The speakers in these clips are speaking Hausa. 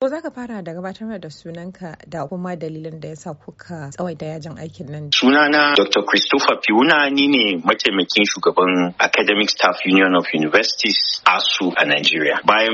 Ko za ka fara da gabatar da sunanka da kuma dalilin da ya sa kuka tsawaita yajin aikin nan? Sunana Dr. Christopher Piuna ni ne mataimakin shugaban Academic Staff Union of Universities ASU a Nigeria. Bayan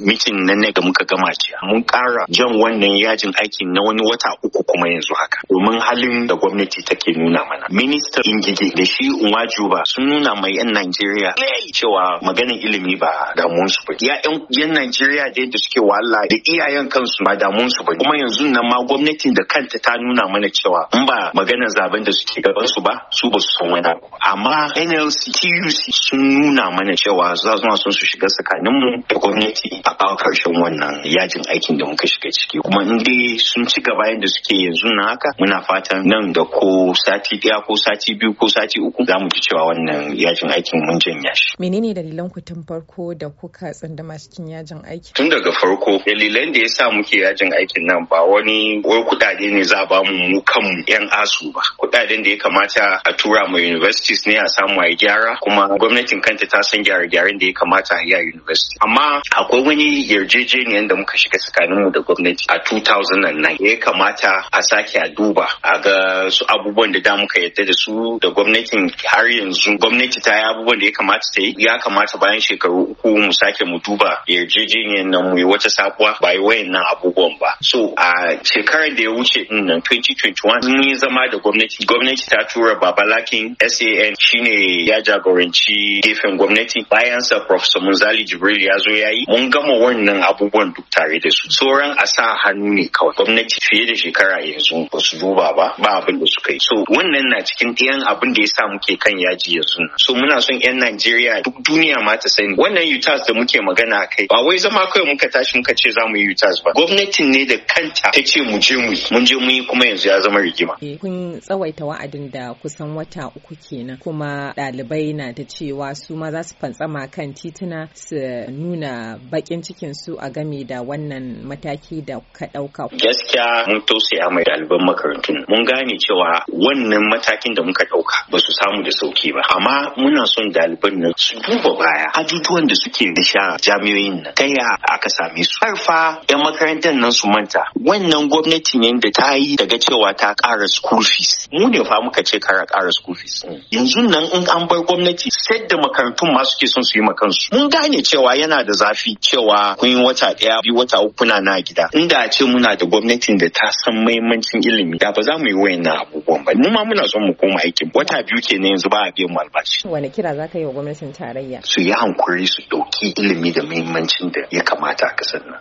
mitin nan ne da muka gama jiya, mun ƙara jan wannan yajin aikin na wani wata uku kuma yanzu haka. Domin halin da gwamnati take nuna mana. Ministan Ingige da shi Umajuba sun nuna mai 'yan Najeriya cewa maganin ilimi ba damuwarsu ba. 'Yan Najeriya da suke wahala da iya iyayen kansu ba damun su ba kuma yanzu nan ma gwamnatin da kanta ta nuna mana cewa in ba maganar zaben da suke gaban su ba su ba su san wani abu amma NLC TUC sun nuna mana cewa za su son su shiga tsakanin mu da gwamnati a kawo karshen wannan yajin aikin da muka shiga ciki kuma in dai sun ci gaba yadda suke yanzu na haka muna fatan nan da ko sati daya ko sati biyu ko sati uku za mu ji cewa wannan yajin aikin mun janya shi menene dalilan ku tun farko da kuka tsandama cikin yajin aiki tun daga farko dalilan da ya sa muke yajin aikin nan ba wani wai kudade ne za ba mu mu kanmu yan asu ba kudaden da ya kamata a tura mu universities ne a samu a gyara kuma gwamnatin kanta ta san gyare gyaran da ya kamata a university amma akwai wani yarjejeniyar da muka shiga tsakanin mu da gwamnati a 2009 ya kamata a sake a duba a ga su abubuwan da da muka yadda da su da gwamnatin har yanzu gwamnati ta yi abubuwan da ya kamata ta yi ya kamata bayan shekaru uku mu sake mu duba yarjejeniyar nan mu yi wata sabuwa ba wayannan abubuwan ba so a shekarar da ya wuce nan 2021 mun yi zama da gwamnati gwamnati ta tura babalakin san shine ya jagoranci gefen gwamnati bayansa Prof. munzali jibril ya zo ya yi mun gama wannan abubuwan duk tare da su sauran a sa hannu ne kawai gwamnati fiye da shekara yanzu ba su duba ba ba abin da suka yi so wannan na cikin ɗayan abin da ya sa muke kan yaji yanzu so muna son 'yan najeriya duk duniya ma ta sani wannan utas da muke magana a kai ba wai zama kawai muka tashi muka ce za mu yi Reuters ba gwamnatin ne da kanta ta ce mu je mu mun je mu yi kuma yanzu ya zama rigima eh, kun tsawaita wa'adin da kusan wata uku kenan kuma ɗalibai na ta cewa su ma za su fantsama kan tituna su nuna bakin cikin su a game da wannan mataki da ka ɗauka gaskiya mun tausaya mai ɗaliban makarantun mun gane cewa wannan matakin da muka ɗauka ba su samu da sauki ba amma muna son ɗaliban nan su duba baya ajujuwan da suke da sha jami'oyin nan ta yaya aka same su karfa 'yan makarantar nan su manta wannan gwamnatin yadda ta yi daga cewa ta kara school fees mu ne fa muka ce kara kara school fees mm. yanzu nan in an bar gwamnati sai da makarantun ma suke son su yi ma kansu mun gane cewa yana da zafi cewa kun yi wata ɗaya biyu wata uku na na gida inda a ce muna da gwamnatin da ta san mahimmancin ilimi da ba za mu yi wayannan abubuwan ba mu ma muna son mu koma aikin wata biyu ne yanzu ba a biyan mu albashi wani kira za ka yi wa gwamnatin tarayya su yi hankuri su ɗauki ilimi da muhimmancin da ya kamata a kasar nan